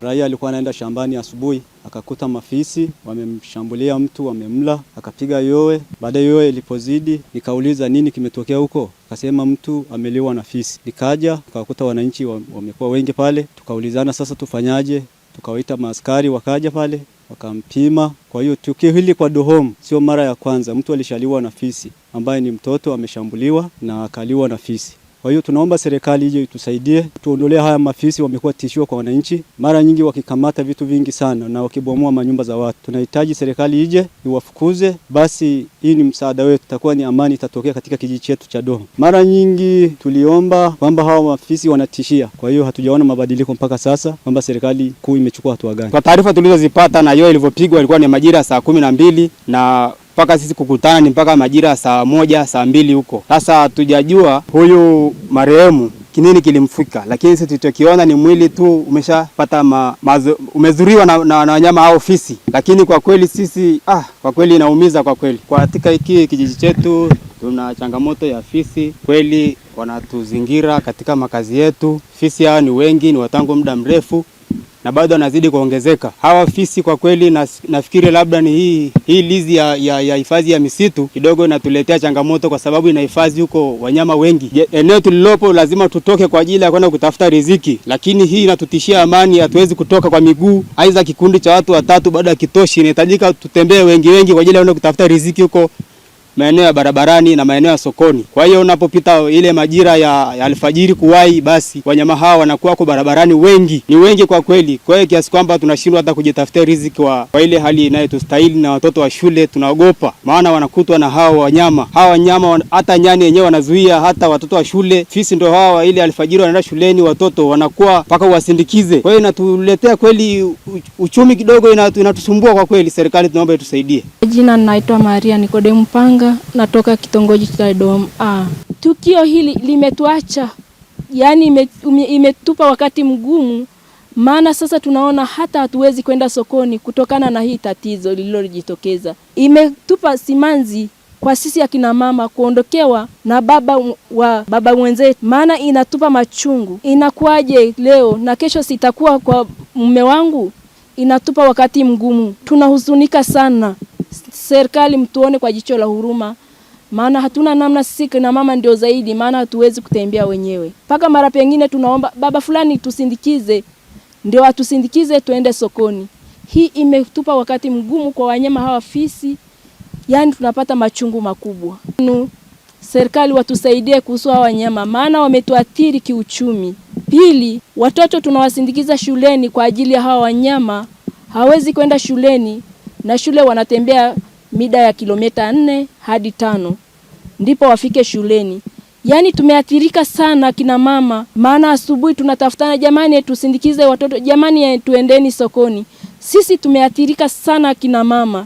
Raia alikuwa anaenda shambani asubuhi, akakuta mafisi wamemshambulia mtu, wamemla, akapiga yowe. Baada yowe ilipozidi, nikauliza nini kimetokea huko, akasema mtu ameliwa na fisi. Nikaja akakuta wananchi wamekuwa wengi pale, tukaulizana sasa tufanyaje, tukawaita maaskari wakaja pale wakampima. Kwa hiyo tukio hili kwa Dohom sio mara ya kwanza, mtu alishaliwa na fisi ambaye ni mtoto ameshambuliwa na akaliwa na fisi. Kwa hiyo tunaomba serikali ije itusaidie, tuondolee haya mafisi, wamekuwa tishio kwa wananchi, mara nyingi wakikamata vitu vingi sana na wakibomoa manyumba za watu. Tunahitaji serikali ije iwafukuze, basi hii ni msaada wetu, itakuwa ni amani itatokea katika kijiji chetu cha Doho. Mara nyingi tuliomba kwamba hawa mafisi wanatishia, kwa hiyo hatujaona mabadiliko mpaka sasa kwamba serikali kuu imechukua hatua gani. Kwa taarifa tulizozipata na hiyo ilivyopigwa ilikuwa ni majira ya saa kumi na mbili na mpaka sisi kukutana ni mpaka majira saa moja saa mbili huko. Sasa hatujajua huyu marehemu kinini kilimfika, lakini sisi tulichokiona ni mwili tu umeshapata ma, umezuriwa na, na, na wanyama au fisi. Lakini kwa kweli sisi ah, kwa kweli inaumiza kwa kweli. Katika hiki kijiji chetu tuna changamoto ya fisi kweli, wanatuzingira katika makazi yetu. Fisi hao ni wengi, ni watangu muda mrefu na bado anazidi kuongezeka hawa fisi. Kwa kweli nas, nafikiri labda ni hii hii lizi ya hifadhi ya, ya, ya misitu kidogo inatuletea changamoto, kwa sababu inahifadhi huko wanyama wengi. eneo tulilopo lazima tutoke kwa ajili ya kwenda kutafuta riziki, lakini hii inatutishia amani. Hatuwezi kutoka kwa miguu, aidha kikundi cha watu watatu bado hakitoshi, inahitajika tutembee wengi wengi kwa ajili ya kwenda kutafuta riziki huko maeneo ya barabarani na maeneo ya sokoni. Kwa hiyo unapopita ile majira ya, ya alfajiri kuwai, basi wanyama hawa wanakuwa kwa barabarani, wengi ni wengi kwa kweli, kwa hiyo kiasi kwamba tunashindwa hata kujitafutia riziki kwa, kwa ile hali inayotustahili na watoto wa shule tunaogopa, maana wanakutwa na hawa wanyama. Hawa wanyama hata nyani wenyewe wanazuia hata watoto wa shule, fisi ndo hawa, ile alfajiri wanaenda shuleni, watoto wanakuwa mpaka wasindikize. Kwa hiyo inatuletea kweli uchumi kidogo inatusumbua kwa kweli. Serikali tunaomba itusaidie. Jina ninaitwa Maria Nikodemu Panga Manyara, natoka kitongoji cha Dom A. Ah, tukio hili limetuacha yani imetupa wakati mgumu, maana sasa tunaona hata hatuwezi kwenda sokoni kutokana na hii tatizo lililojitokeza. Imetupa simanzi kwa sisi akina mama kuondokewa na baba wa baba mwenzetu, maana inatupa machungu. Inakuwaje leo na kesho sitakuwa kwa mume wangu? Inatupa wakati mgumu, tunahuzunika sana serikali mtuone kwa jicho la huruma, maana hatuna namna. Sisi kina mama ndio zaidi, maana hatuwezi kutembea wenyewe, mpaka mara pengine tunaomba baba fulani tusindikize, ndio atusindikize tuende sokoni. Hii imetupa wakati mgumu kwa wanyama hawa fisi, yani tunapata machungu makubwa. Serikali watusaidie kuhusu hawa wanyama, maana wametuathiri kiuchumi. Pili, watoto tunawasindikiza shuleni kwa ajili ya hawa wanyama, hawezi kwenda shuleni na shule wanatembea mida ya kilomita nne hadi tano ndipo wafike shuleni. Yaani tumeathirika sana kina mama, maana asubuhi tunatafutana, jamani tusindikize watoto, jamani tuendeni sokoni. Sisi tumeathirika sana kina mama.